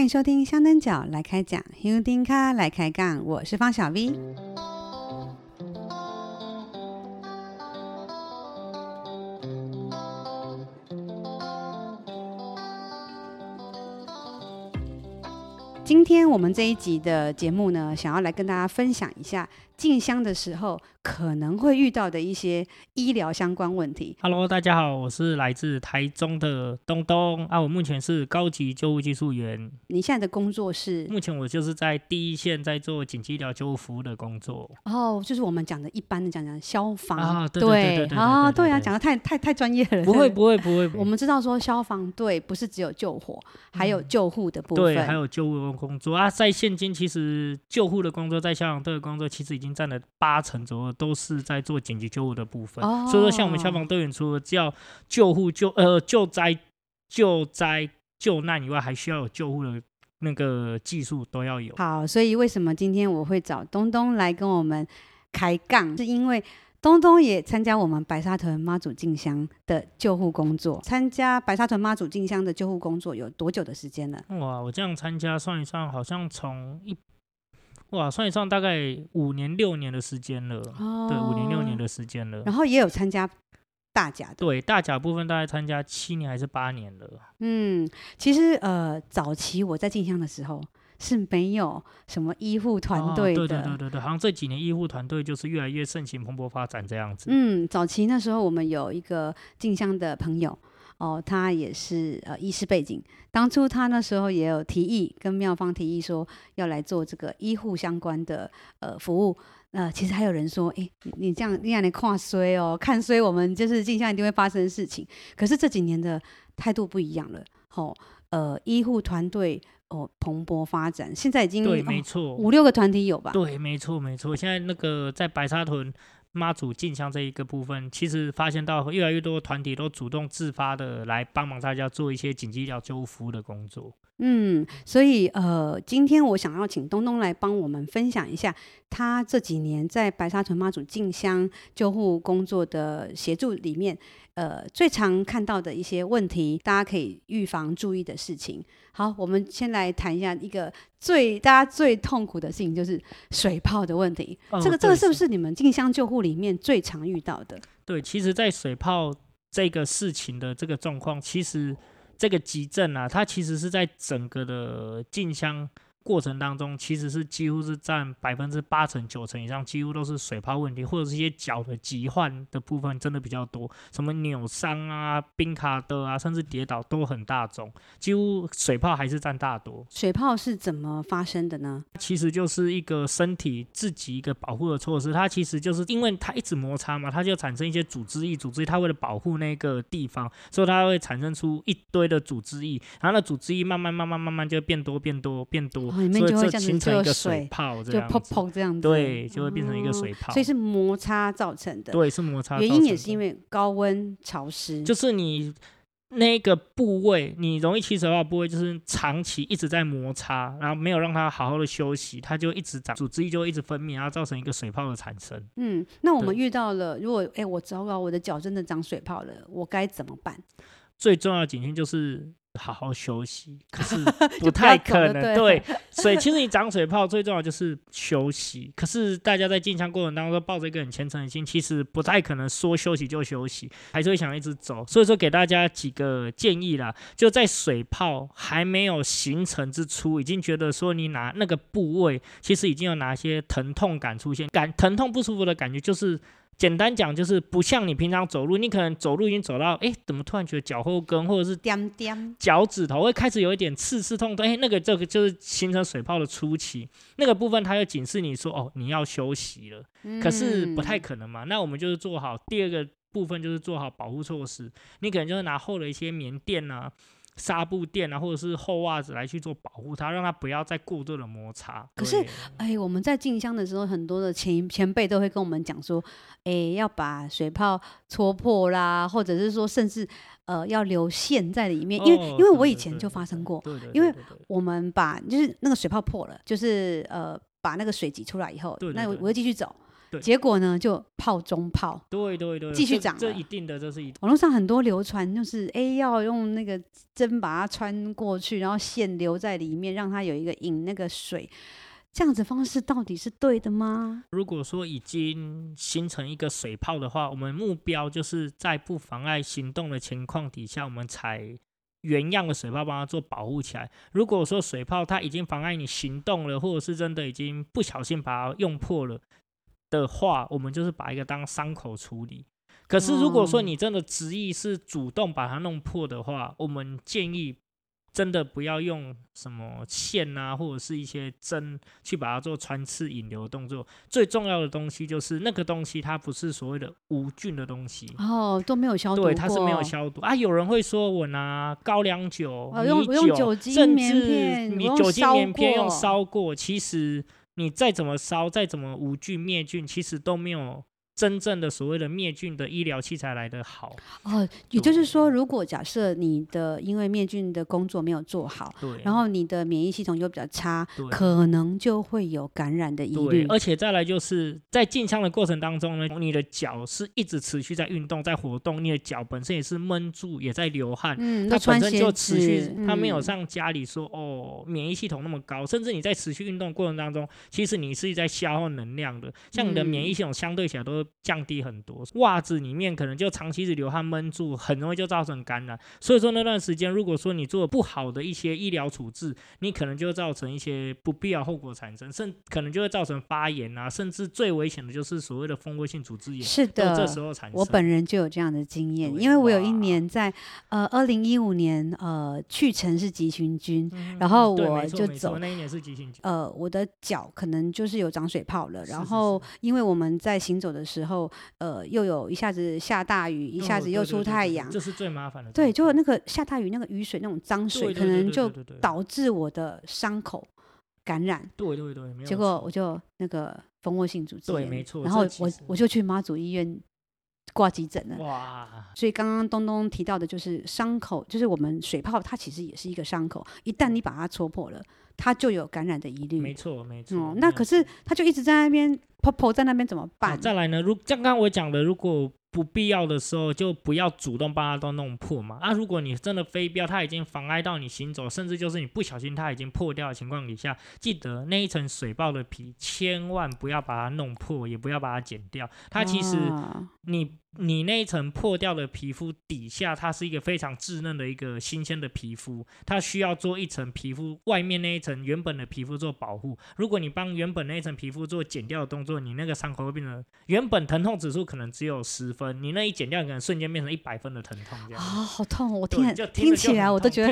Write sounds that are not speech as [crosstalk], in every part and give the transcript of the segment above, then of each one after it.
歡迎收聽香燈腳來開講，Houdinka 來開講，我是方小 V。今天我們這一集的節目呢，想要來跟大家分享一下。進香的時候可能會遇到的一些醫療相關問題。Hello，大家好，我是來自台中的東東啊，我目前是高級救護技術員。你現在的工作是？目前我就是在第一線，在做緊急醫療救護服務的工作。哦、Oh，就是我們講的一般的講講消防，對啊，對啊，講的太太太專業了不。不會，不會，不會。我們知道說消防隊不是只有救火，嗯，還有救護的部分，對，還有救護工作啊。在現今，其實救護的工作，在消防隊的工作，其實已經。佔了八成左右，都是在做緊急救護的部分。Oh, 所以說，像我們消防隊員，除了叫救護、oh. 呃、救呃救災、救災、救難以外，還需要有救護的那個技術都要有。好，所以為什麼今天我會找東東來跟我們開槓？是因為東東也參加我們白沙屯媽祖進香的救護工作。參加白沙屯媽祖進香的救護工作有多久的時間呢？哇，我這樣參加算一算，好像從一。哇，算一算大概五年六年的時間了。哦，對，五年六年的時間了。然後也有參加大甲的，對，大甲部分大概參加七年還是八年了。嗯，其實呃，早期我在進香的時候是沒有什麼醫護團隊的。哦啊，對對對對對。好像這幾年醫護團隊就是越來越盛行，蓬勃發展這樣子。嗯，早期那時候我們有一個進香的朋友。哦，他也是呃醫師背景，當初他那時候也有提議跟廟方提議說要來做這個醫護相關的呃服務，呃，其實還有人說，哎，你這樣你這樣你看衰哦，看衰我們就是鏡像一定會發生事情。可是這幾年的態度不一樣了，吼、哦，呃，醫護團隊哦蓬勃發展，現在已經對、哦、沒錯五六個團體有吧？對，沒錯沒錯，現在那個在白沙屯。媽祖進香這一個部分，其實發現到越來越多團體都主動自發的來幫忙大家做一些緊急醫療救護服務的工作。嗯，所以呃，今天我想要請東東來幫我們分享一下他這幾年在白沙屯媽祖進香救護工作的協助裡面。呃，最常看到的一些問題，大家可以預防注意的事情。好，我們先來談一下一個最大家最痛苦的事情，就是水泡的問題。哦，這個這個是不是你們進香救護裡面最常遇到的？對，其實，在水泡這個事情的這個狀況，其實這個急症啊，它其實是在整個的進香過程當中，其實是幾乎是占百分之八成九成以上，幾乎都是水泡問題，或者是一些腳的疾患的部分，真的比較多，什麼扭傷啊、冰卡的啊，甚至跌倒都很大眾。幾乎水泡還是占大多。水泡是怎麼發生的呢？其實就是一個身體自己一個保護的措施，它其實就是因為它一直摩擦嘛，它就產生一些組織液，組織液它為了保護那個地方，所以它會產生出一堆的組織液，然後那組織液慢慢慢慢慢慢就變多變多變多。所、哦、面就形成一個水泡，就 pop pop，這樣子，對，就會變成一個水泡。嗯、所以是摩擦造成的，對，是摩擦造成的。原因也是因為高溫潮濕。就是你那個部位，你容易起水泡部位，就是長期一直在摩擦，然後沒有讓它好好的休息，它就一直長，組織就會一直分泌，然後造成一個水泡的產生。嗯，那我們遇到了，如果哎我糟糕，我，我的腳真的長水泡了，我該怎麼辦？最重要的警訊就是。好好休息，可是不太可能， [laughs] 對， [laughs] 對，所以其實你長水泡最重要的就是休息。 [laughs] 可是大家在進香過程當中抱着一個很虔誠的心，其實不太可能說休息就休息，還是會想一直走。所以說給大家幾個建議啦，就在水泡還沒有形成之初，已經覺得說你哪那個部位其實已經有哪些疼痛感出現，感疼痛不舒服的感覺就是。簡單講就是不像你平常走路，你可能走路已經走到，哎、欸，怎麼突然覺得腳後跟或者是腳趾頭會開始有一點刺刺痛，痛？對、欸，那個這個就是形成水泡的初期，那個部分它又警示你說，哦，你要休息了。可是不太可能嘛，那我們就是做好第二個部分，就是做好保護措施，你可能就是拿厚的一些棉墊啊。紗布墊啊，或者是厚襪子來去做保護它，讓它不要再過度的摩擦。可是，誒、欸，我們在進香的時候，很多的前前輩都會跟我們講說，誒、欸，要把水泡戳破啦，或者是說，甚至呃，要留線在裡面、哦，因為因為我以前就發生過，對對對對對對對對，因為我們把就是那個水泡破了，就是呃把那個水擠出來以後，對對對對，那我會繼續走。對結果呢，就泡中泡，對對對，繼續漲。這一定的，這是一。網路上，很多流傳，就是哎，要用那個針把它穿過去，然後線留在裡面，讓它有一個引那個水，這樣子方式到底是對的嗎？如果說已經形成一個水泡的話，我們目標就是在不妨礙行動的情況底下，我們才原樣的水泡把它做保護起來。如果說水泡它已經妨礙你行動了，或者是真的已經不小心把它用破了。的話，我們就是把一個當傷口處理。可是如果說你真的執意是主動把它弄破的話。嗯，我們建議真的不要用什麼線啊，或者是一些針去把它做穿刺引流動作。最重要的東西就是那個東西，它不是所謂的無菌的東西哦，都沒有消毒。對，它是沒有消毒啊。有人會說我拿高粱酒、哦用、米酒、我用酒精棉片甚至米酒精棉片用燒過，其實。你再怎麼燒，再怎麼無菌滅菌，其實都沒有。真正的所謂的滅菌的醫療器材來得好哦，也就是說，如果假設你的因為滅菌的工作沒有做好，對，然後你的免疫系統又比較差，對，可能就會有感染的疑慮。而且再來就是在進香的過程當中呢，你的腳是一直持續在運動、在活動，你的腳本身也是悶住，也在流汗，嗯，他本身就持續，他、嗯、沒有像家裡說哦，免疫系統那麼高，甚至你在持續運動過程當中，其實你是在消耗能量的，像你的免疫系統相對起來都是。降低很多，襪子裡面可能就長期是流汗悶住，很容易就造成感染。所以說那段時間，如果說你做了不好的一些醫療處置，你可能就會造成一些不必要後果的產生，甚可能就會造成發炎啊，甚至最危險的就是所謂的蜂窩性組織炎。是的，這時候產生，我本人就有這樣的經驗，因為我有一年在呃二零一五年呃去城市急行軍、嗯，然後我就走那一年是急行軍，呃我的腳可能就是有長水泡了，然後是是是因為我們在行走的時候。時候，呃，又有一下子下大雨，對對對對一下子又出太陽，對對對這是最麻煩的。對，就那個下大雨，那個雨水那種髒水對對對對對對對對，可能就導致我的傷口感染。對對對對，沒有錯，結果我就那個蜂窩性組織炎，對，沒錯。然後我我就去媽祖醫院。掛急診了哇！所以剛剛東東提到的，就是傷口，就是我們水泡，它其實也是一個傷口。一旦你把它戳破了，它就有感染的疑慮。沒錯，沒錯。嗯、沒那可是它就一直在那邊泡泡在那邊怎麼辦、哦？再來呢？如剛剛我講的，如果不必要的時候，就不要主動把它都弄破嘛。那、啊、如果你真的非標，它已經妨礙到你行走，甚至就是你不小心它已經破掉的情況底下，記得那一層水泡的皮，千萬不要把它弄破，也不要把它剪掉。它其實、啊、你。你那一層破掉的皮膚底下，它是一個非常稚嫩的一個新鮮的皮膚，它需要做一層皮膚外面那一層原本的皮膚做保護。如果你幫原本那一層皮膚做剪掉的動作，你那個傷口會變成原本疼痛指數可能只有十分，你那一剪掉可能瞬間變成一百分的疼痛這樣。啊、哦，好痛！我聽很就聽，就很聽起來我都覺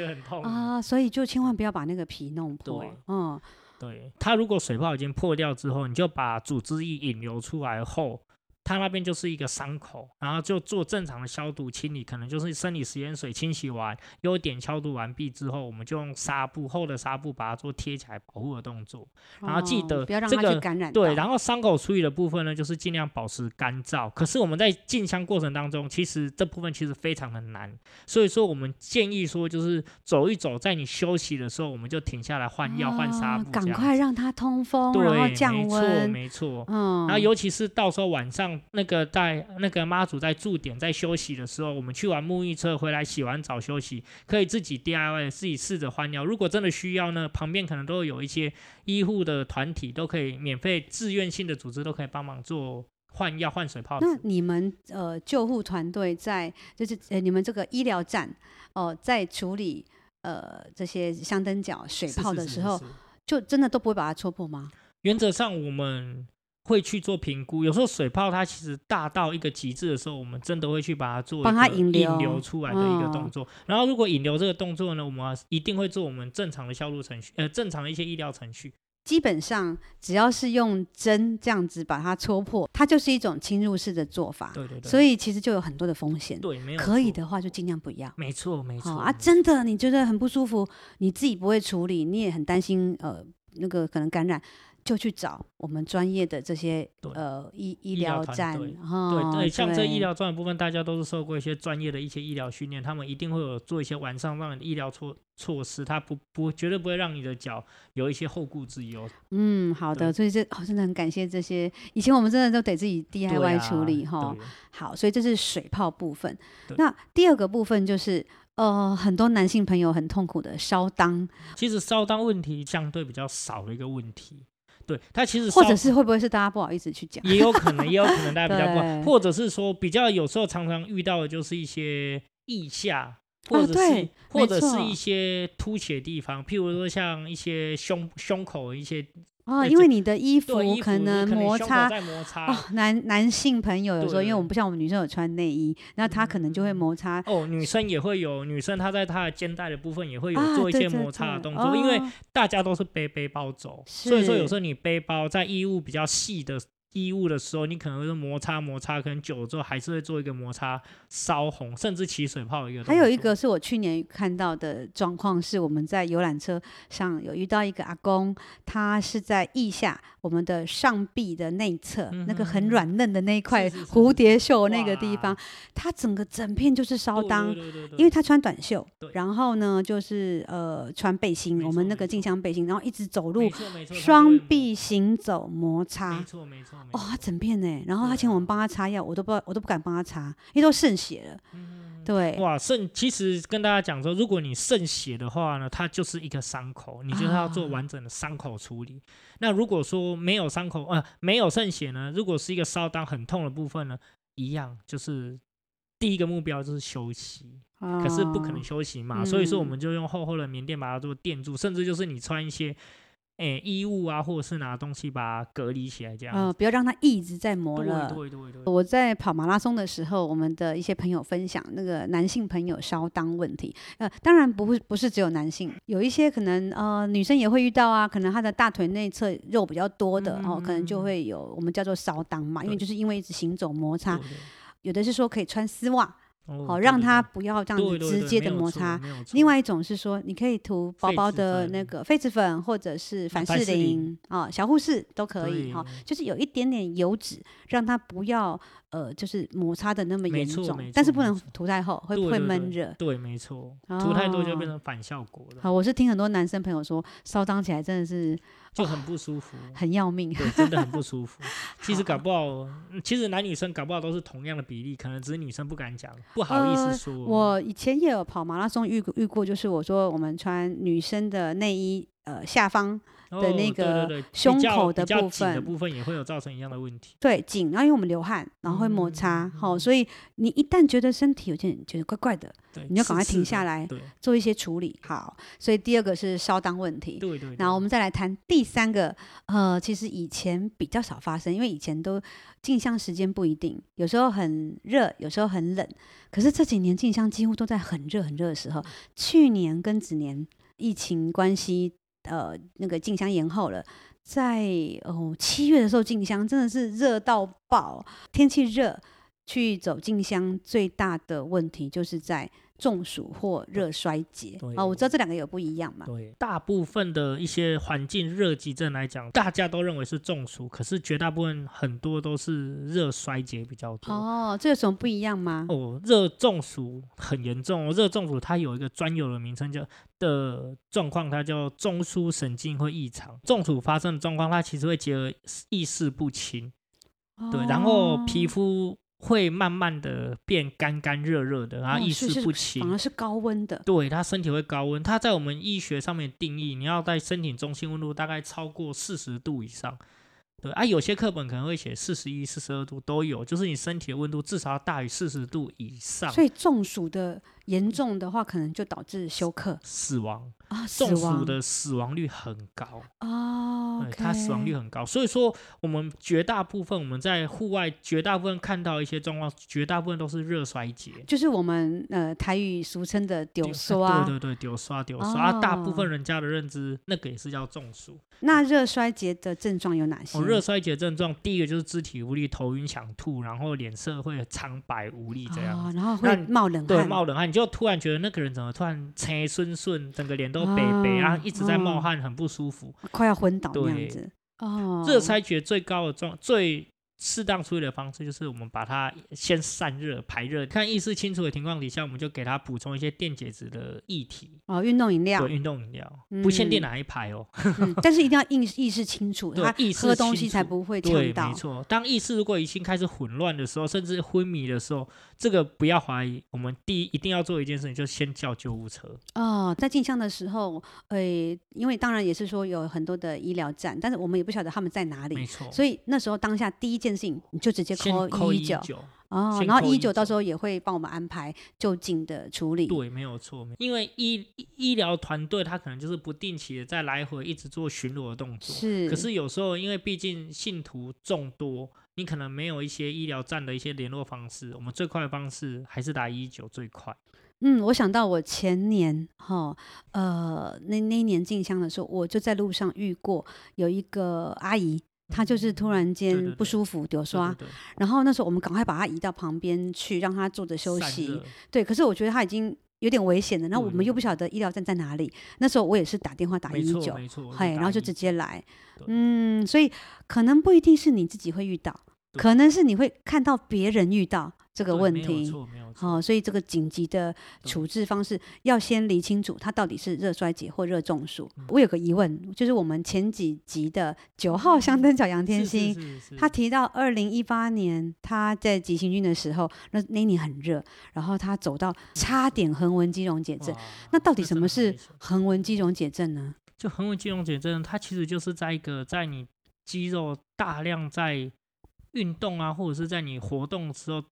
得很痛，啊、呃，所以就千萬不要把那個皮弄破。對，嗯，對，它如果水泡已經破掉之後，你就把組織液引流出來後。它那邊就是一個傷口，然後就做正常的消毒清理，可能就是生理食鹽水清洗完，優碘消毒完畢之後，我們就用紗布，厚的紗布把它做貼起來保護的動作。然後記得、這個嗯、不要讓它去感染。對，然後傷口處理的部分呢，就是儘量保持乾燥。可是我們在進香過程當中，其實這部分其實非常的難，所以說我們建議說就是走一走，在你休息的時候，我們就停下來換藥換紗布，趕、啊、快讓它通風，然後降溫。沒錯，沒錯。嗯，然後尤其是到時候晚上。那個在那個媽祖在駐點在休息的時候，我們去完沐浴車回來洗完澡休息，可以自己 DIY 自己試着換藥。如果真的需要呢，旁邊可能都有一些醫護的團體，都可以免費、自願性的組織都可以幫忙做換藥、換水泡。那你們呃救護團隊在就是、呃、你們這個醫療站哦、呃，在處理呃這些香燈腳水泡的時候是是是是是，就真的都不會把它戳破嗎？原則上我們。會去做評估，有時候水泡它其實大到一個極致的時候，我們真的會去把它做幫它引流、引流出來的一個動作，嗯。然後如果引流這個動作呢，我們、啊、一定會做我們正常的消毒程序，呃，正常的一些醫療程序。基本上只要是用針這樣子把它戳破，它就是一種侵入式的做法。對對對。所以其實就有很多的風險。對，沒有。可以的話就儘量不要。沒錯沒錯、哦、沒錯。啊，真的，你覺得很不舒服，你自己不會處理，你也很擔心，呃，那個可能感染。就去找我們專業的這些呃醫醫療站。對、哦、對、對，像這醫療專業部分，大家都是受過一些專業的一些醫療訓練，他們一定會有做一些晚上讓你的醫療措措施，他不不絕對不會讓你的腳有一些後顧之憂。嗯，好的，所以這些、哦、真的很感謝這些，以前我們真的都得自己 DIY 處理哈、啊哦。好，所以這是水泡部分。那第二個部分就是呃，很多男性朋友很痛苦的燒襠。其實燒襠問題相對比較少的一個問題。對，他其實或者是會不會是大家不好意思去講，也有可能，也有可能大家比較不， [laughs] 或者是說比較有時候常常遇到的就是一些腋下，啊、或者是或者是一些凸起的地方，譬如說像一些胸胸口的一些。啊、哦，因為你的衣服可能摩擦，在摩擦。哦，男男性朋友有時候，因為我們不像我們女生有穿內衣，那他可能就會摩擦。哦，女生也會有，女生她在她的肩帶的部分也會有做一些摩擦的動作，啊、對對對，因為大家都是背背包走，哦，所以說有時候你背包在衣物比較細的衣物的時候，你可能會是摩擦摩擦，可能久了之後還是會做一個摩擦燒紅，甚至起水泡一個。還有一個是我去年看到的狀況是，我們在遊覽車上有遇到一個阿公，他是在腋下我們的上臂的內側、嗯，那個很軟嫩的那一塊蝴蝶袖那個地方，他整個整片就是燒襠，因為他穿短袖，然後呢就是呃穿背心，我們那個進香背心，然後一直走路，雙臂行走摩擦，沒錯沒錯。哦，他整片呢、欸，然後他請我們幫他擦藥，我都不知道，我都不敢幫他擦，因為都滲血了、嗯。對，哇，滲。其實跟大家講說，如果你滲血的話呢，它就是一個傷口，你就是要做完整的傷口處理、啊。那如果說沒有傷口，呃，沒有滲血呢，如果是一個燒襠很痛的部分呢，一樣就是第一個目標就是休息、啊。可是不可能休息嘛，所以說我們就用厚厚的棉墊把它做墊住、嗯，甚至就是你穿一些。誒、欸，衣物啊，或者是拿東西把它隔離起來，這樣嗯、呃，不要讓它一直在磨了。對對對對對。我在跑馬拉松的時候，我們的一些朋友分享那個男性朋友燒襠問題。呃，當然不會，不是只有男性，有一些可能呃，女生也會遇到啊，可能她的大腿內側肉比較多的，然、嗯、後、哦、可能就會有我們叫做燒襠嘛。對對對，因為就是因為一直行走摩擦。對對對，有的是說可以穿絲襪。好、哦，讓他不要這樣子直接的摩擦。對對對，另外一種是說，你可以塗薄薄，薄的那個痱子粉，或者是凡士林啊、嗯哦，小護士都可以。哈、哦，就是有一點點油脂，讓他不要呃，就是摩擦的那麼嚴重，但是不能塗太厚，會不會悶熱。對，沒錯，塗太多就變成反效果了、哦。好，我是聽很多男生朋友說，燒襠起來真的是。就很不舒服，哦、很要命， [laughs] 對，真的很不舒服。其實搞不好，好、嗯，其實男女生搞不好都是同樣的比例，可能只是女生不敢講、呃，不好意思說。我以前也有跑馬拉松遇過遇過，就是我說我們穿女生的內衣。呃，下方的那個胸口的部分，哦、對對對，部分也會有造成一樣的問題。對，緊，然、啊、後因為我們流汗，然後會摩擦，好、嗯嗯，所以你一旦覺得身體有點覺得怪怪的，對，你要趕快停下來，做一些處理吃吃。好，所以第二個是燒襠問題。對對，對對。然後我們再來談第三個，呃，其實以前比較少發生，因為以前都進香時間不一定，有時候很熱，有時候很冷。可是這幾年進香幾乎都在很熱很熱的時候。去年跟今年疫情關係。呃，那個進香延後了，在哦七月的時候，進香真的是熱到爆，天氣熱，去走進香最大的問題就是在。中暑或熱衰竭。哦哦、我知道這兩個有不一樣嘛？對，大部分的一些環境熱急症來講，大家都認為是中暑，可是絕大部分很多都是熱衰竭比較多。哦，這有什麼不一樣嗎？哦，熱中暑很嚴重。哦，熱中暑它有一個專有的名稱，叫的狀況，它叫中樞神經會異常。中暑發生的狀況，它其實會結合意識不清，哦、對，然後皮膚。會慢慢的變乾乾熱熱的，然後意識不清。哦是是，反而是高溫的。對，它身體會高溫。它在我們醫學上面定義，你要在身體中心溫度大概超過四十度以上。對，啊，有些課本可能會寫四十一、四十二度都有，就是你身體的溫度至少要大於四十度以上。所以中暑的。嚴重的話，可能就導致休克、死，死亡啊、哦！中暑的死亡率很高、oh, okay、對，他死亡率很高。所以說，我們絕大部分我們在戶外絕大部分看到一些狀況，絕大部分都是熱衰竭，就是我們呃台語俗稱的、啊“丟刷”。對對對，丟刷丟刷。大部分人家的認知，那個也是叫中暑。那熱衰竭的症狀有哪些？哦、熱衰竭症狀，第一個就是肢體無力、頭暈、想吐，然後臉色會蒼白無力這樣，oh, 然後會冒冷汗，對，冒冷汗你就。就突然覺得那個人怎麼突然青筍筍整個臉都白白，然、哦、後、啊、一直在冒汗，哦、很不舒服，啊、快要昏倒那樣子。哦，熱衰竭最高的狀最。適當處理的方式就是，我們把它先散熱排熱，看意識清楚的情況底下，我們就給他補充一些電解質的液體哦，運動飲料，對，運動飲料、嗯，不限定哪一排哦， [laughs] 嗯、但是一定要意意識清楚，他意識喝東西才不會嗆到。對，沒錯。當意識如果已經開始混亂的時候，甚至昏迷的時候，這個不要懷疑，我們第一一定要做一件事情，就是先叫救護車。哦，在進香的時候，呃、欸，因為當然也是說有很多的醫療站，但是我們也不曉得他們在哪裡，沒錯。所以那時候當下第一件，性你就直接扣扣一一九哦。然後一一九到時候也會幫我們安排就近的處理。對，沒有錯。因為醫醫療團隊他可能就是不定期的在來回一直做巡邏的動作。是，可是有時候因為畢竟信徒眾多，你可能沒有一些醫療站的一些聯絡方式。我們最快的方式還是打一一九最快。嗯，我想到我前年哈、哦、呃，那那一年進香的時候，我就在路上遇過有一個阿姨，他就是突然間不舒服，比如、就是、說、啊對對對，然後那時候我們趕快把他移到旁邊去對對對，讓他坐着休息。對，可是我覺得他已經有點危險了。那我們又不曉得醫療站在哪裡對對對，那時候我也是打電話打119，嘿，然後就直接來對對對。嗯，所以可能不一定是你自己會遇到，可能是你會看到別人遇到。這個問題沒有錯沒有錯、哦，所以這個緊急的處置方式要先理清楚，他到底是熱衰竭或熱中暑、嗯。我有個疑問，就是我們前幾集的九號香燈腳楊天星，他、嗯、提到二零一八年他在急行軍的時候，那那年很熱，然後他走到差點橫紋肌溶解症、嗯。那到底什麼是橫紋肌溶解症呢？就橫紋肌溶解症，它其實就是在一個在你肌肉大量在運動啊，或者是在你活動的時候。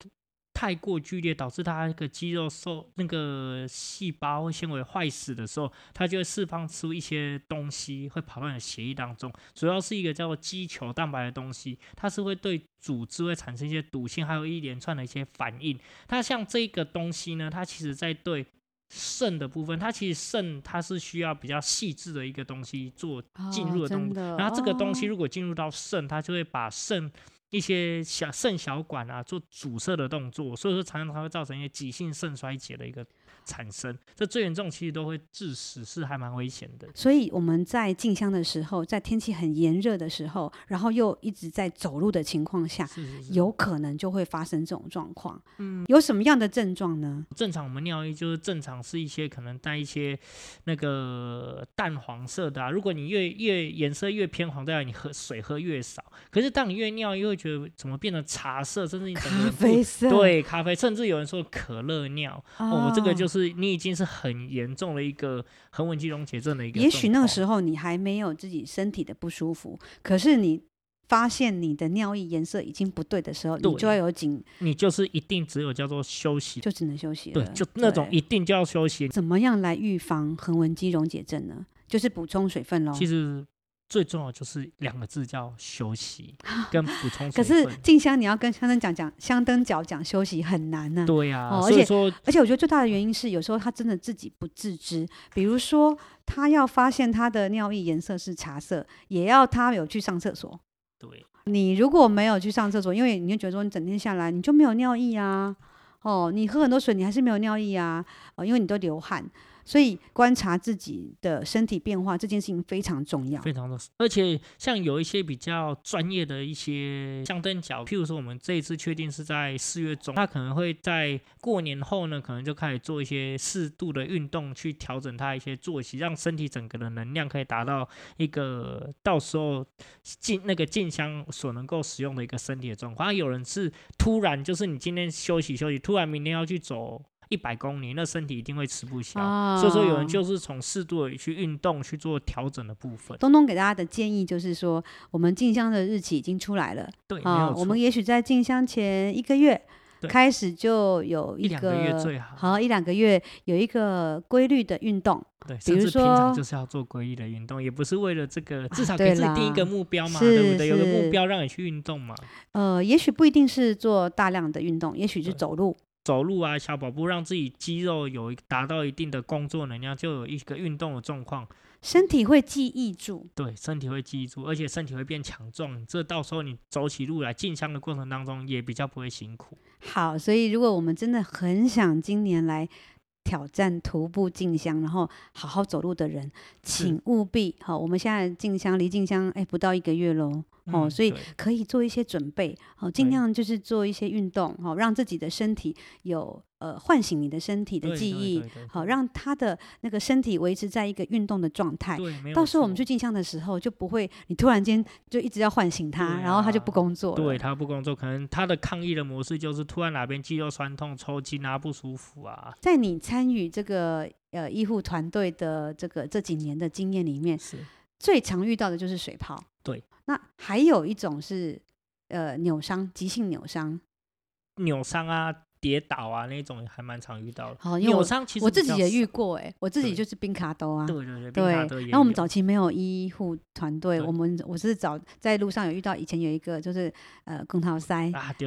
太過劇烈導致它那個肌肉受那個細胞纖維壞死的時候，它就會釋放出一些東西，會跑到你的血液當中。主要是一個叫做肌球蛋白的東西，它是會對組織會產生一些毒性，還有一連串的一些反應。它像這個東西呢，它其實在對腎的部分，它其實腎它是需要比較細緻的一個東西做進入的東西。那、哦哦、這個東西如果進入到腎，它就會把腎。一些小腎小管啊，做阻塞的動作，所以說常常它會造成一些急性腎衰竭的一個。產生這最嚴重，其實都會致死，是還蠻危險的。所以我們在進香的時候，在天氣很炎熱的時候，然後又一直在走路的情況下是是，有可能就會發生這種狀況。嗯，有什麼樣的症狀呢？正常我們尿液就是正常是一些可能帶一些那個淡黃色的啊。如果你越越顏色越偏黃，代表你喝水喝越少。可是當你越尿，又會覺得怎麼變成茶色，甚至你咖啡色，對咖啡，甚至有人說可樂尿。我們、哦、哦、這個就是。是你已經是很嚴重的一個橫紋肌溶解症的一個。也許那個時候你還沒有自己身體的不舒服，可是你發現你的尿液顏色已經不對的時候，你就要有警，你就是一定只有叫做休息，就只能休息。對，就那種一定就要休息。怎麼樣來預防橫紋肌溶解症呢？就是補充水分咯。其實。最重要就是兩個字，叫休息跟補充。可是靜香，你要跟香燈講講，香燈腳講休息很難呢、啊。對呀、啊哦，而且而且我覺得最大的原因是，有時候他真的自己不自知。比如說，他要發現他的尿液顏色是茶色，也要他有去上廁所。對，你如果沒有去上廁所，因為你會覺得說，你整天下來你就沒有尿意啊。哦，你喝很多水，你還是沒有尿意啊。哦，因為你都流汗。所以觀察自己的身體變化這件事情非常重要，非常的重要。而且像有一些比較專業的一些，香燈腳，譬如說我們這一次確定是在四月中，他可能會在過年後呢，可能就開始做一些適度的運動，去調整他一些作息，讓身體整個的能量可以達到一個到時候進那個進香所能夠使用的一個身體的狀況。有人是突然就是你今天休息休息，突然明天要去走，一百公里，那身體一定會吃不消，啊。所以說，有人就是從適度的去運動去做調整的部分。東東給大家的建議就是說，我們進香的日期已經出來了。對，啊，沒有我們也許在進香前一個月開始就有一個，一兩個月最好，啊，一兩個月有一個規律的運動。對，比如說平常就是要做規律的運動，也不是為了這個，至少給自己定一個目標嘛，啊、對，對不對？有個目標讓你去運動嘛。呃，也許不一定是做大量的運動，也許是走路。走路啊，小跑步，讓自己肌肉有一達到一定的工作能量，就有一個運動的狀況，身體會記憶住。對，身體會記憶住，而且身體會變強壯。這到時候你走起路來，進香的過程當中也比較不會辛苦。好，所以如果我們真的很想今年來挑戰徒步進香，然後好好走路的人，請務必。好，我們現在進香離進香誒、欸，不到一個月嘍。哦，所以可以做一些準備，好、嗯，哦、盡量就是做一些運動，好、哦、讓自己的身體有呃喚醒你的身體的記憶，好、哦，讓他的那個身體維持在一個運動的狀態。對，到時候我們去進香的時候就不會，你突然間就一直要喚醒他，啊、然後他就不工作。對，他不工作，可能他的抗議的模式就是突然哪邊肌肉酸痛，抽筋啊，不舒服啊。在你參與這個呃醫護團隊的這個這幾年的經驗裡面，是，最常遇到的就是水泡。對，那還有一種是，呃，扭傷，急性扭傷，扭傷啊，跌倒啊，那種還蠻常遇到的。好、哦，扭傷其實我自己也遇過、欸，哎，我自己就是冰卡兜啊，對對對，對然後我們早期沒有醫護團隊，我們我是早在路上有遇到，以前有一個就是呃，拳頭師，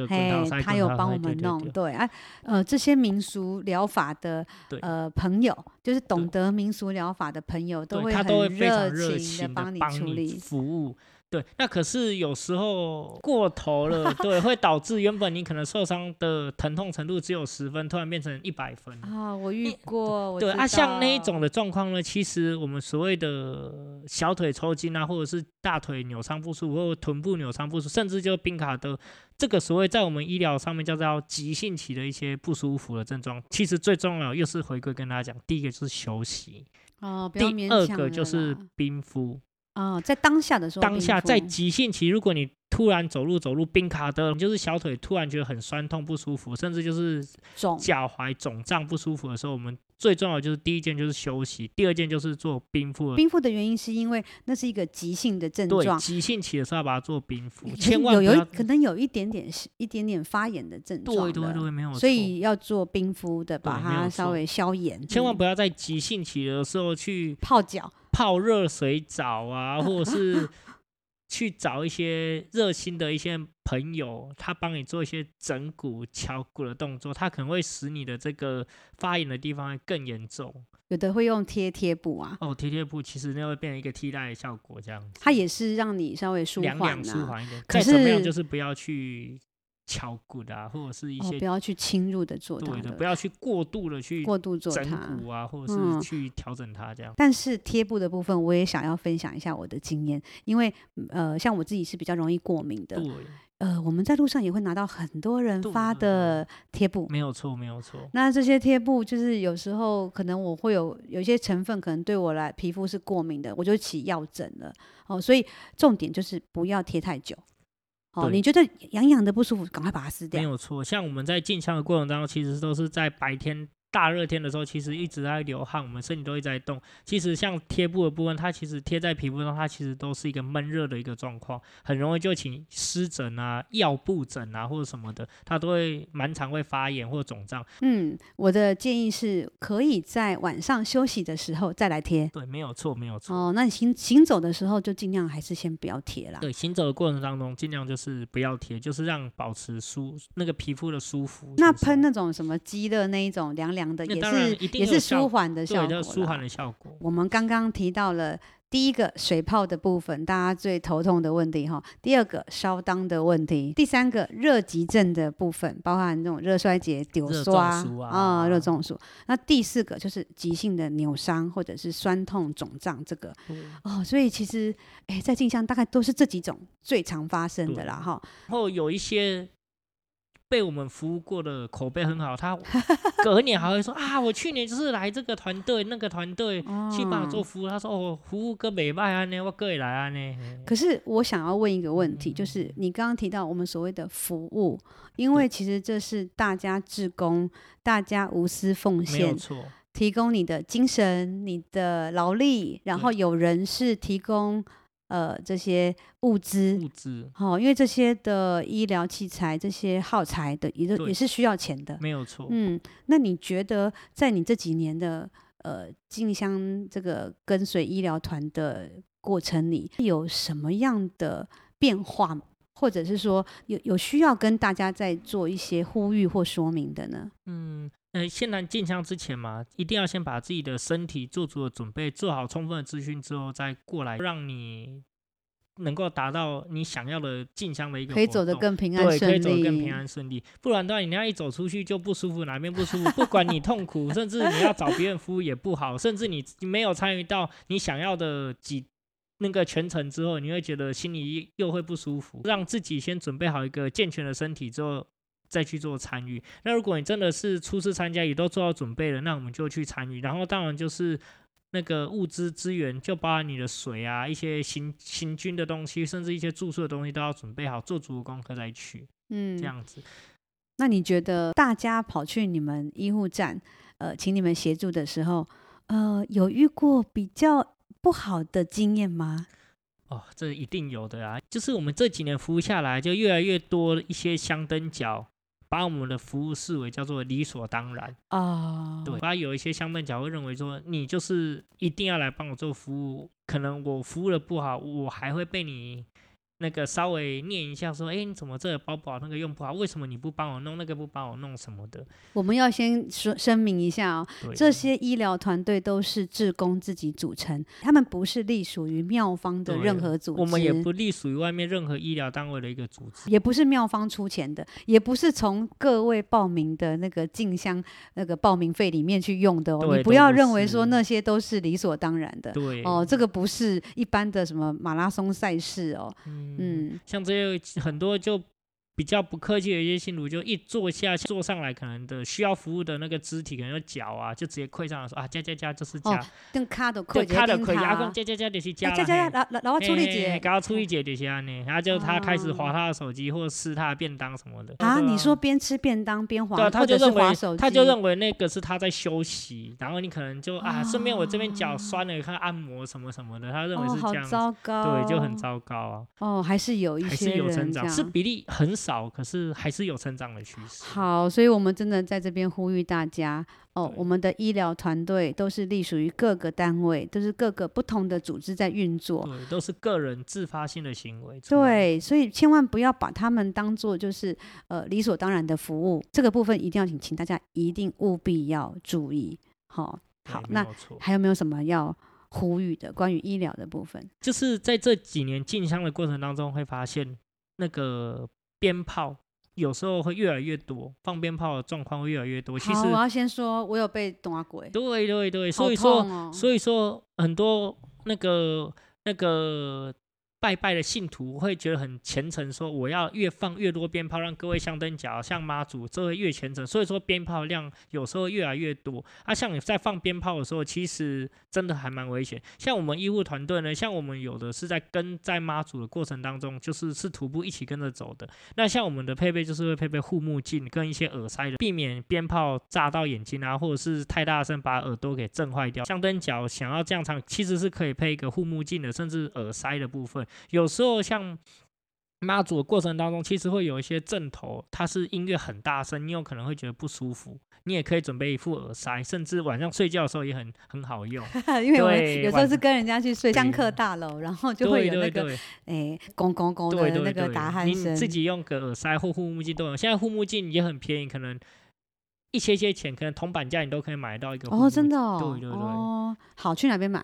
哎、啊，他有幫我們弄。對，對，對，對，對啊，呃，這些民俗療法的呃朋友，就是懂得民俗療法的朋友，都會很熱他都會非常熱情的幫你處理服務。對，那可是有時候過頭了， [laughs] 對，會導致原本你可能受傷的疼痛程度只有十分，突然變成一百分。啊、哦，我遇過，嗯、對,對啊，像那一種的狀況呢，其實我們所謂的小腿抽筋啊，或者是大腿扭傷不舒服，或臀部扭傷不舒服，甚至就冰卡的，這個所謂在我們醫療上面叫做急性期的一些不舒服的症狀，其實最重要又是回歸跟大家講，第一個就是休息，哦，不要勉強了。第二個就是冰敷。啊、哦，在當下的時候，當下在急性期，如果你突然走路走路冰卡的，就是小腿突然覺得很痠痛不舒服，甚至就是腳踝腫脹不舒服的時候，我們最重要的就是第一件就是休息，第二件就是做冰敷。冰敷的原因是因為那是一個急性的症狀，急性期的時候要把它做冰敷，千萬有有可能有一點點、一點點發炎的症狀，所以要做冰敷的，把它稍微消炎、嗯。千萬不要在急性期的時候去泡腳。泡熱水澡啊，或者是去找一些熱心的一些朋友，他幫你做一些整骨、敲骨的動作，他可能會使你的這個發炎的地方更嚴重。有的會用貼貼布啊，哦，貼貼布其實那會變成一個替代的效果，這樣子。它也是讓你稍微舒緩啊，兩兩舒緩一點。可怎麼樣？就是不要去。敲骨啊，或者是一些、哦、不要去侵入的做它的，對的，不要去過度的去、啊、過度做它，啊，或者是去調整它這樣。嗯、但是貼布的部分，我也想要分享一下我的經驗，因為呃，像我自己是比較容易過敏的。對。呃，我們在路上也會拿到很多人發的貼布。沒有錯，沒有錯。那這些貼布就是有時候可能我會有有一些成分可能對我來皮膚是過敏的，我就起藥疹了。哦，所以重點就是不要貼太久。哦，你覺得癢癢的不舒服，趕快把它撕掉。沒有錯，像我們在進香的過程當中，其實都是在白天。大熱天的時候，其實一直在流汗，我們身體都會在動。其實像貼布的部分，它其實貼在皮膚上，它其實都是一個悶熱的一個狀況，很容易就起濕疹啊、藥布疹啊或者什麼的，它都會蠻常會發炎或腫脹。嗯，我的建議是可以在晚上休息的時候再來貼。對，沒有錯，沒有錯。哦，那你行行走的時候就儘量還是先不要貼了。對，行走的過程當中儘量就是不要貼，就是讓保持舒那個皮膚的舒服的。那噴那種什麼雞的那一種涼涼。涼涼的也是一定也是舒緩的效果，舒緩的效果。我們剛剛提到了第一個水泡的部分，大家最頭痛的問題哈。第二個燒襠的問題，第三個熱急症的部分，包含那種熱衰竭、扭傷啊、熱、嗯、中暑、啊。那第四個就是急性的扭傷或者是酸痛腫脹這個哦。所以其實哎、欸，在進香大概都是這幾種最常發生的啦。哈。然後有一些。被我們服務過的口碑很好，他隔年還會說 [laughs] 啊，我去年就是來這個團隊，那個團隊去幫我做服務，嗯、他說哦，服務個美歹啊，尼，我哥也來啊。尼。可是我想要問一個問題，嗯、就是你剛剛提到我們所謂的服務，因為其實這是大家志工，大家無私奉獻，沒有錯，提供你的精神、你的勞力，然後有人是提供。呃，這些物資，物資，哦，因為這些的醫療器材、這些耗材的，也也也是需要錢的。沒有錯。嗯，那你覺得在你這幾年的呃，進香這個跟隨醫療團的過程裡，有什麼樣的變化？或者是說有有需要跟大家再做一些呼籲或說明的呢？嗯。呃，先在進香之前嘛，一定要先把自己的身體做足了準備，做好充分的資訊之後再過來，讓你能夠達到你想要的進香的一個活動，可以走得更平安，對，可以走得更平安順利。 [noise] 不然的話，你那一走出去就不舒服，哪邊不舒服，不管你痛苦， [laughs] 甚至你要找別人服務也不好， [laughs] 甚至你沒有參與到你想要的幾那個全程之後，你會覺得心裡又會不舒服。讓自己先準備好一個健全的身體之後。再去做參與。那如果你真的是初次參加，也都做好準備了，那我們就去參與。然後當然就是那個物資資源，就包含你的水啊、一些行行軍的東西，甚至一些住宿的東西都要準備好，做足功課再去。嗯，這樣子。那你覺得大家跑去你們醫護站，呃，請你們協助的時候，呃，有遇過比較不好的經驗嗎？哦，這一定有的啊。就是我們這幾年服務下來，就越來越多一些香燈腳。把我們的服務視為叫做理所當然啊、oh.，對。有一些香燈腳會認為說，你就是一定要來幫我做服務，可能我服務的不好，我還會被你。那個稍微念一下，說，哎，你怎麼這個包不好，那個用不好？為什麼你不幫我弄那個，不幫我弄什麼的？我們要先說聲明一下啊、哦，這些醫療團隊都是志工自己組成，他們不是隸屬於廟方的任何組織，我們也不隸屬於外面任何醫療單位的一個組織，也不是廟方出錢的，也不是從各位報名的那個進香那個報名費裡面去用的哦，你不要認為說那些都是理所當然的，對，哦，這個不是一般的什麼馬拉松賽事哦。嗯嗯，像這些很多就，嗯。比較不客氣的一些信徒，就一坐下坐上來，可能的需要服務的那個肢體，可能腳啊，就直接跪上來說啊，加加加就是加，喔 nope, 啊、這這是這對，卡都跪，卡都跪，阿公加加加就去加加加加老老老話處理姐、欸，剛好處理姐就是安尼，然後就他開始划他的手機或者吃他的便當什麼的啊，auction, 啊、yeah. 嗯、啊，你說邊吃便當邊划，對，他就認為他就認為那個是他在休息，然後你可能就啊，順便我這邊腳酸了，看按摩什麼什麼的，他認為是這樣，糟糕，對，就很糟糕啊，哦，還是有一些，還是有成長，是比例很少，可是還是有成長的趨勢。好，所以我們真的在這邊呼籲大家哦，我們的醫療團隊都是隸屬於各個單位，都是各個不同的組織在運作，對，都是個人自發性的行為。對，所以千萬不要把他們當做就是呃理所當然的服務，這個部分一定要請請大家一定務必要注意。哦、好，好，那還有沒有什麼要呼籲的關於醫療的部分？就是在這幾年進香的過程當中，會發現那個。鞭炮有時候會越來越多，放鞭炮的狀況會越來越多。其實我要先說，我有被打鬼，對對對，喔、所以說所以說很多那個那個。拜拜的信徒會覺得很虔誠，說我要越放越多鞭炮，讓各位香燈腳、像媽祖，這會越虔誠。所以說鞭炮量有時候越來越多。啊，像你在放鞭炮的時候，其實真的還蠻危險。像我們醫護團隊呢，像我們有的是在跟在媽祖的過程當中，就是是徒步一起跟着走的。那像我們的配備就是會配備護目鏡跟一些耳塞的，避免鞭炮炸到眼睛啊，或者是太大聲把耳朵給震壞掉。香燈腳想要這樣唱，其實是可以配一個護目鏡的，甚至耳塞的部分。有時候像媽祖的過程當中，其實會有一些陣頭，它是音樂很大聲，你有可能會覺得不舒服。你也可以準備一副耳塞，甚至晚上睡覺的時候也很很好用。 [laughs] 因為我有時候是跟人家去睡、香客大樓，然後就會有那個哎，公公公的那個打鼾聲。對對對，你自己用個耳塞或護目鏡都有，現在護目鏡也很便宜，可能一些些錢，可能銅板價你都可以買到一個。哦，真的，哦。對對對。哦，好，去哪邊買？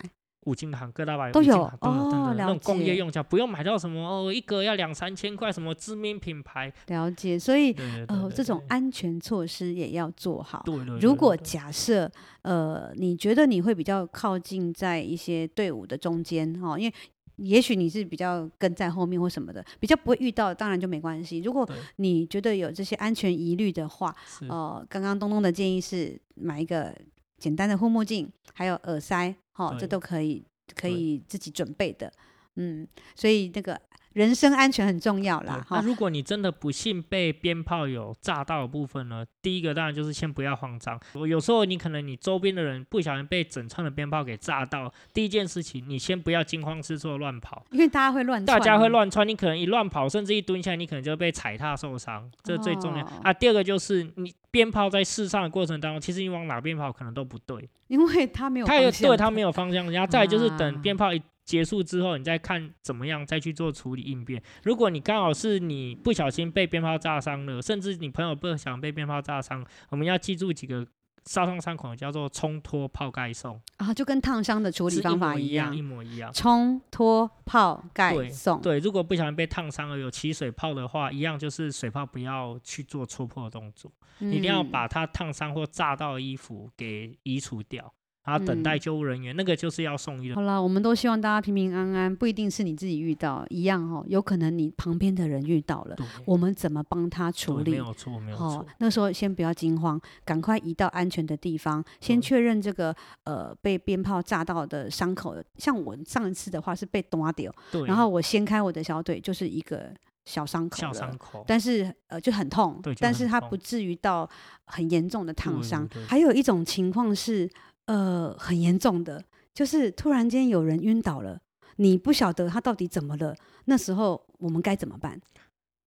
五金行各大都有哦了解，那種工業用不用買到什麼哦，一個要兩三千塊，什麼知名品牌？了解，所以對對對對對呃，這種安全措施也要做好。對對對對對如果假設呃，你覺得你會比較靠近在一些隊伍的中間哦，因為也許你是比較跟在後面或什麼的，比較不會遇到，當然就沒關係。如果你覺得有這些安全疑慮的話，哦、呃，剛剛東東的建議是買一個簡單的護目鏡，還有耳塞。好、哦，這都可以，可以自己準備的，嗯，所以那個。人身安全很重要啦。哈。那如果你真的不幸被鞭炮有炸到的部分呢？第一個當然就是先不要慌張。我有時候你可能你周邊的人不小心被整串的鞭炮給炸到，第一件事情你先不要驚慌失措亂跑，因為大家會亂大家會亂竄。你可能一亂跑，甚至一蹲下你可能就被踩踏受傷，這最重要、哦、啊。第二個就是你鞭炮在施放的過程當中，其實你往哪邊跑可能都不對，因為它沒有它也對它沒有方向。然後再就是等鞭炮一。嗯結束之後，你再看怎麼樣再去做處理應變。如果你剛好是你不小心被鞭炮炸傷了，甚至你朋友不想被鞭炮炸傷，我們要記住幾個燒傷傷口叫做沖脫泡蓋送啊，就跟燙傷的處理方法一樣，一模一樣。沖脫泡蓋送對，對，如果不小心被燙傷了有起水泡的話，一樣就是水泡不要去做戳破的動作，嗯、你一定要把它燙傷或炸到的衣服給移除掉。啊，等待救護人員、嗯，那個就是要送醫院。好了，我們都希望大家平平安安，不一定是你自己遇到一樣哈、喔，有可能你旁邊的人遇到了，我們怎麼幫他處理？沒有錯，沒有錯。好、喔，那時候先不要驚慌，趕快移到安全的地方，先確認這個呃被鞭炮炸到的傷口。像我上一次的話是被打掉，然後我掀開我的小腿就是一個小傷口，小傷口，但是呃就很，就很痛，但是它不至於到很嚴重的燙傷。還有一種情況是，呃，很嚴重的，就是突然間有人暈倒了，你不曉得他到底怎麼了。那時候我們該怎麼辦？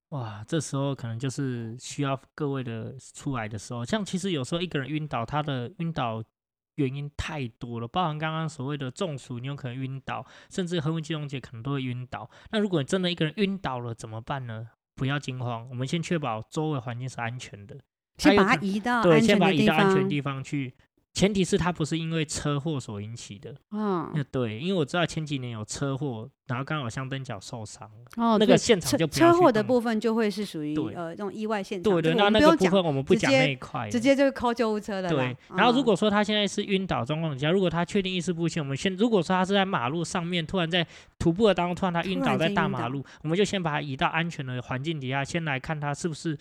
哇，這時候可能就是需要各位的出來的時候。像其實有時候一個人暈倒，他的暈倒原因太多了，包含剛剛所謂的中暑，你有可能暈倒，甚至橫紋肌溶解可能都會暈倒。那如果你真的一個人暈倒了，怎麼辦呢？不要驚慌，我們先確保周圍環境是安全的，先把他移到對，先把他移到安全的地方去。前提是他不是因為車禍所引起的啊、嗯，對，因為我知道前幾年有車禍，然後剛好香燈腳受傷，哦，那個現場就車禍的部分就會是屬於呃這種意外現場，對，那那個部分我們不講那一塊，直接就 call 救護車的。對，然後如果說他現在是暈倒狀況底下，如果他確定意識不清，我們先如果說他是在馬路上面突然在徒步的當中突然他暈倒在大馬路，我們就先把他移到安全的環境底下，先來看他是不是。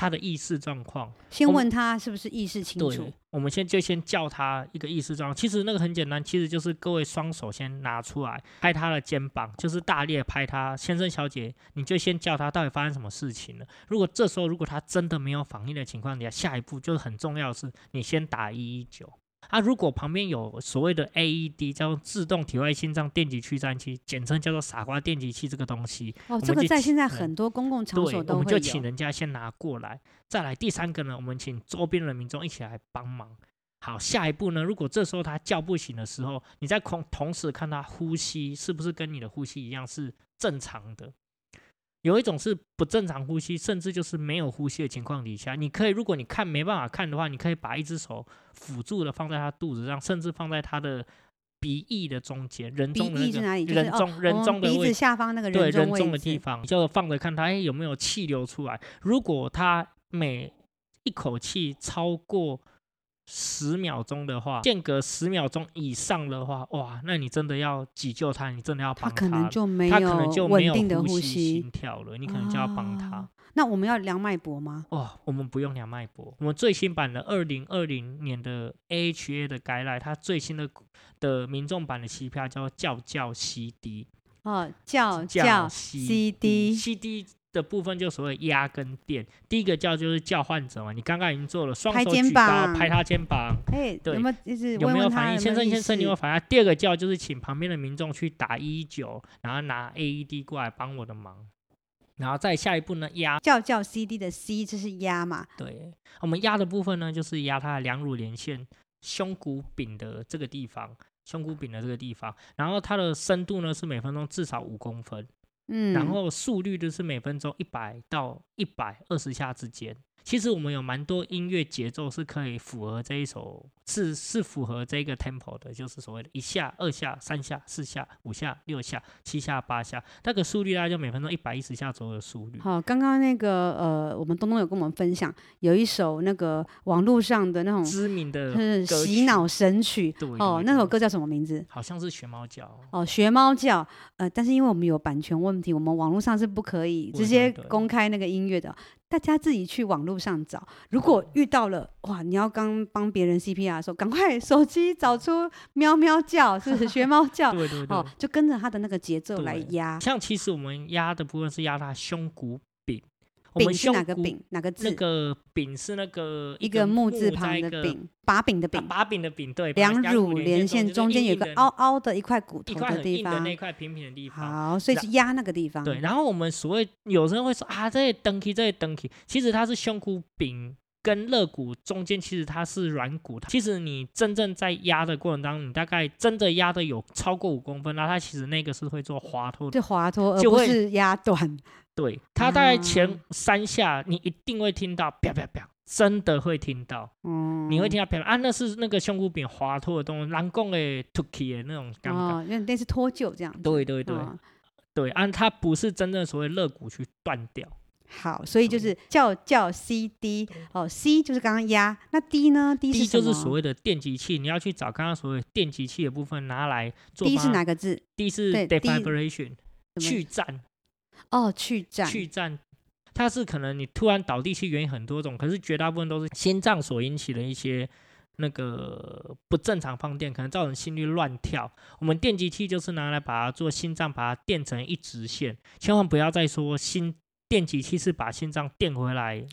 他的意識狀況，先問他是不是意識清楚我，對，我們先就先叫他一個意識狀況。其實那個很簡單，其實就是各位雙手先拿出來拍他的肩膀，就是大力拍他。先生小姐，你就先叫他到底發生什麼事情了。如果這時候如果他真的沒有反應的情況，你下一步就是很重要的是，你先打一一九。啊，如果旁邊有所謂的 AED，叫做自動體外心臟電擊去顫器，簡稱叫做傻瓜電擊器。這個東西哦，這個在現在很多公共場所都會有。有、嗯、我們就請人家先拿過來。再來第三個呢，我們請周邊的民眾一起來幫忙。好，下一步呢，如果這時候他叫不醒的時候，你再同同時看他呼吸是不是跟你的呼吸一樣是正常的。有一種是不正常呼吸，甚至就是沒有呼吸的情況底下，你可以如果你看沒辦法看的話，你可以把一隻手輔助的放在他肚子上，甚至放在他的鼻翼的中間、人中的那個，就是人中的位置，哦哦、鼻子下方人中，人中的位置，方位置，對，人中的地方，就放着看他、欸、有沒有氣流出來。如果他每一口氣超過，十秒鐘的話，間隔十秒鐘以上的話，哇，那你真的要急救他，你真的要幫他，他可能就沒有，他可能就沒有穩定的呼吸心跳了，哦，你可能就要幫他。那我們要量脈搏嗎？哦，我們不用量脈搏。我們最新版的二零二零年的 AHA 的 Guideline，它最新的的民眾版的 CPR，叫做叫叫 C D，哦，叫叫 C D C D。的部分就所謂壓跟電，第一個叫就是叫患者嘛，你剛剛已經做了，雙手舉高拍、啊、拍他肩膀，哎、欸，對，有沒有就是有沒有反應？先生有有先生，你有沒有反應？第二個叫就是請旁邊的民眾去打一一九，然後拿 AED 過來幫我的忙，然後再下一步呢壓，叫叫 CD 的 C，這是壓嘛？對，我們壓的部分呢就是壓他的兩乳連線胸骨柄的這個地方，胸骨柄的這個地方，然後它的深度呢是每分鐘至少五公分。然後速率，就是每分鐘一百到一百二十下之間，嗯。其實我們有蠻多音樂節奏是可以符合這一首，是是符合這一個 tempo 的，就是所謂的一下、二下、三下、四下、五下、六下、七下、八下，那個速率大概就每分鐘一百一十下左右的速率。好，剛剛那個呃，我們東東有跟我們分享有一首那個網絡上的那種知名的是洗腦神曲對對對，哦，那首歌叫什麼名字？好像是學貓叫。哦，學貓叫，呃，但是因為我們有版權問題，我們網絡上是不可以直接公開那個音樂的。對對大家自己去網路上找，如果遇到了哇，你要剛幫別人 CPR 的時候，趕快手機找出喵喵叫，是，是學貓叫， [laughs] 哦，就跟着他的那個節奏來壓。 [laughs] 像其實我們壓的部分是壓他胸骨。柄是哪個柄？哪個字？這，那個柄是那個一個木，一個木字旁的柄，把柄的柄，啊。把柄的柄，啊，對。兩乳連線硬硬中間有一個凹凹的一塊骨頭的地方，那塊平平的地方。好，所以是壓那個地方，啊。對，然後我們所謂有時候會說啊，這裡登崎，這裡登崎，其實它是胸骨柄。跟肋骨中間其實它是軟骨的，其實你真正在壓的過程當中，你大概真的壓的有超過五公分，那它其實那個是會做滑脫的，就滑脫，就會壓斷、嗯。對，它在前三下你一定會聽到，啪啪啪，真的會聽到，嗯、你會聽到啪，啪，啊，那是那個胸骨柄滑脫的動作，肋骨凸起的那種感覺，那是脫臼這樣。對對對、哦、對，啊，它不是真正所謂肋骨去斷掉。好，所以就是叫叫 C D 哦，C 就是剛剛壓，那 D 呢 D？D 就是所謂的電擊器，你要去找剛剛所謂電擊器的部分拿來做法。D 是哪個字？D 是 defibrillation 去顫。哦，去顫。去顫。它是可能你突然倒地其原因很多種，可是絕大部分都是心臟所引起的一些那個不正常放電，可能造成心率亂跳。我們電擊器就是拿來把它做心臟，把它電成一直線，千萬不要再說心。電擊器是把心臟電回來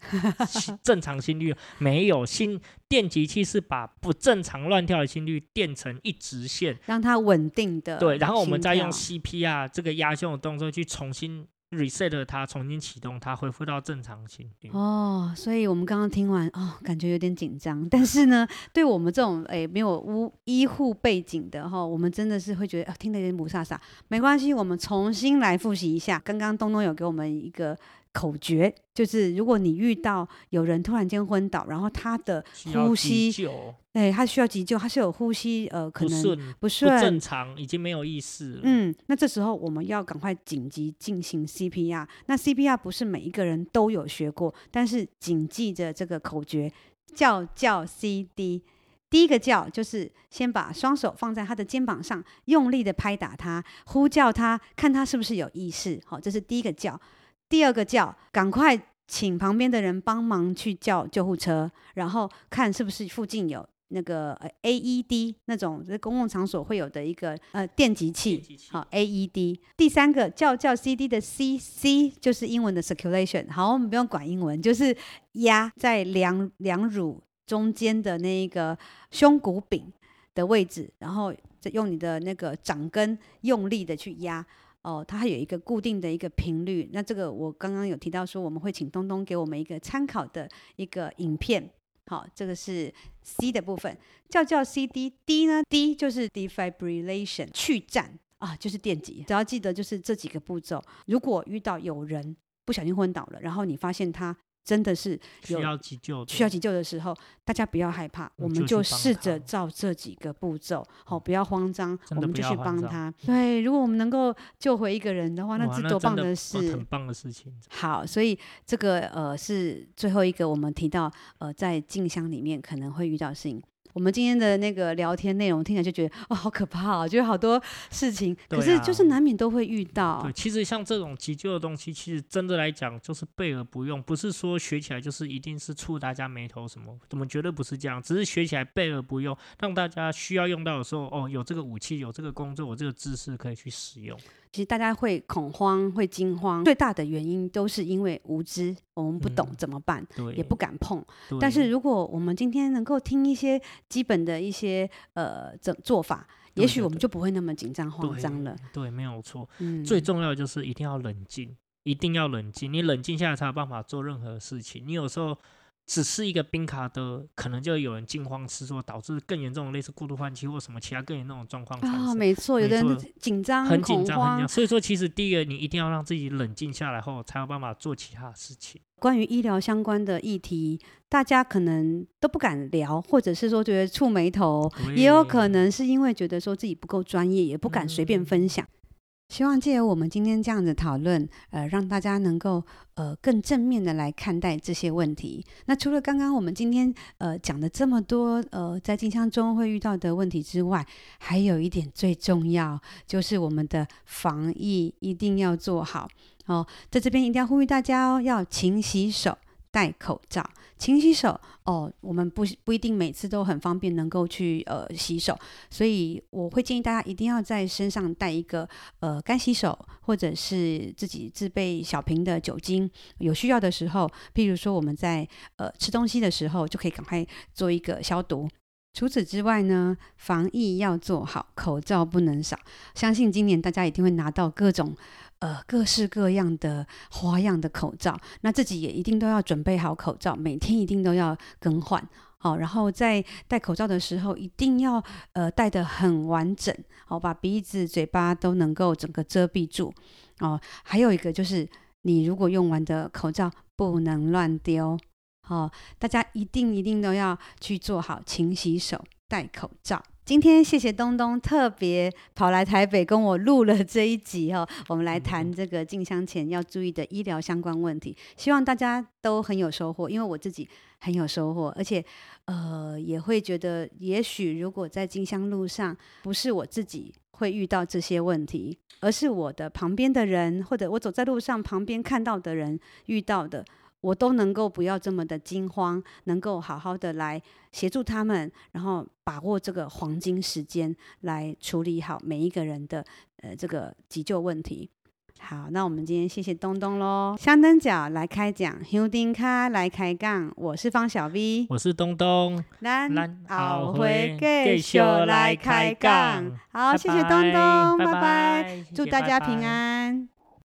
正常心率， [laughs] 沒有心電擊器是把不正常亂跳的心率電成一直線，讓它穩定的。對，然後我們再用 CPR 這個壓胸的動作去重新。reset 它重新啟動它，它恢復到正常型。哦，所以我們剛剛聽完，哦，感覺有點緊張。但是呢，對我們這種誒、欸、沒有醫醫護背景的哈、哦，我們真的是會覺得、呃、聽得有點霧煞煞。沒關係，我們重新來複習一下。剛剛東東有給我們一個口訣就是：如果你遇到有人突然間昏倒，然後他的呼吸，需哎、他需要急救，他是有呼吸，呃，可能不順，不順不、嗯，不正常，已經沒有意識。嗯，那這時候我們要趕快緊急進行 CPR。那 CPR 不是每一個人都有學過，但是謹記着這個口訣叫叫 CD。第一個叫就是先把雙手放在他的肩膀上，用力的拍打他，呼叫他，看他是不是有意識？好、哦，這是第一個叫。第二個叫，趕快請旁邊的人幫忙去叫救護車，然後看是不是附近有那個呃 AED 那種，就是公共場所會有的一個呃電擊器，好、oh, AED。第三個叫叫 CD 的 C C 就是英文的 circulation，好，我們不用管英文，就是壓在兩兩乳中間的那一個胸骨柄的位置，然後用你的那個掌根用力的去壓。哦，它還有一個固定的一個頻率。那這個我剛剛有提到說，我們會請東東給我們一個參考的一個影片。好、哦，這個是 C 的部分，叫叫 C D D 呢，D 就是 defibrillation 去顫，啊，就是電擊。只要記得就是這幾個步驟。如果遇到有人不小心昏倒了，然後你發現他。真的是有需要急救，需要急救的時候，大家不要害怕，我們就試着照這幾個步驟，好、嗯哦，不要慌張，我們就去幫他。對，如果我們能夠救回一個人的話，嗯、那這是多棒的事，很棒的事情。好，所以這個呃是最後一個，我們提到呃在進香裡面可能會遇到事情。我們今天的那個聊天內容聽起來就覺得哇、哦，好可怕，哦，就是好多事情，可是就是難免都會遇到，對、啊。對，其實像這種急救的東西，其實真的來講就是備而不用，不是說學起來就是一定是觸大家眉頭什麼，怎麼絕對不是這樣，只是學起來備而不用，讓大家需要用到的時候，哦，有這個武器，有這個工作，有這個知識可以去使用。其實大家會恐慌，會驚慌，最大的原因都是因為無知，我們不懂怎麼辦，嗯、也不敢碰。但是如果我們今天能夠聽一些基本的一些呃整做法對對對，也許我們就不會那麼緊張，慌張了對對。對，沒有錯。嗯、最重要就是一定要冷靜，一定要冷靜。你冷靜下來才有辦法做任何事情。你有時候。只是一個冰卡的，可能就有人驚慌失措，導致更嚴重的類似過度換氣或什麼其他更嚴重的狀況啊。沒錯、沒錯，有的人緊張，很緊張、很、很緊張。所以說，其實第一個，你一定要讓自己冷靜下來後，才有辦法做其他事情。關於醫療相關的議題，大家可能都不敢聊，或者是說覺得觸霉頭，也有可能是因為覺得說自己不夠專業，也不敢隨便分享。嗯希望借由我們今天這樣子討論，呃，讓大家能夠呃更正面的來看待這些問題。那除了剛剛我們今天呃講的這麼多呃在進香中會遇到的問題之外，還有一點最重要，就是我們的防疫一定要做好哦。在這邊一定要呼籲大家哦，要勤洗手。戴口罩、勤洗手。哦，我們不不一定每次都很方便能夠去呃洗手，所以我會建議大家一定要在身上帶一個呃乾洗手，或者是自己自備小瓶的酒精，有需要的時候，譬如說我們在呃吃東西的時候，就可以趕快做一個消毒。除此之外呢，防疫要做好，口罩不能少。相信今年大家一定會拿到各種。呃，各式各樣的花樣的口罩，那自己也一定都要準備好口罩，每天一定都要更換，好、哦，然後在戴口罩的時候一定要呃戴得很完整，好、哦，把鼻子、嘴巴都能夠整個遮蔽住，哦，還有一個就是你如果用完的口罩不能亂丟，好、哦，大家一定一定都要去做好勤洗手，戴口罩。今天謝謝東東特別跑來台北跟我錄了這一集哈、哦，我們來談這個進香前要注意的醫療相關問題。希望大家都很有收穫，因為我自己很有收穫，而且呃也會覺得，也許如果在進香路上不是我自己會遇到這些問題，而是我的旁邊的人或者我走在路上旁邊看到的人遇到的。我都能夠不要這麼的驚慌，能夠好好的來協助他們，然後把握這個黃金時間來處理好每一個人的呃這個急救問題。好，那我們今天謝謝東東嘍，香燈腳來開講，休丁卡來開槓，我是方小 V，我是東東，來，好回，回給秀來開槓，好拜拜，謝謝東東，拜拜，祝大家平安。謝謝拜拜。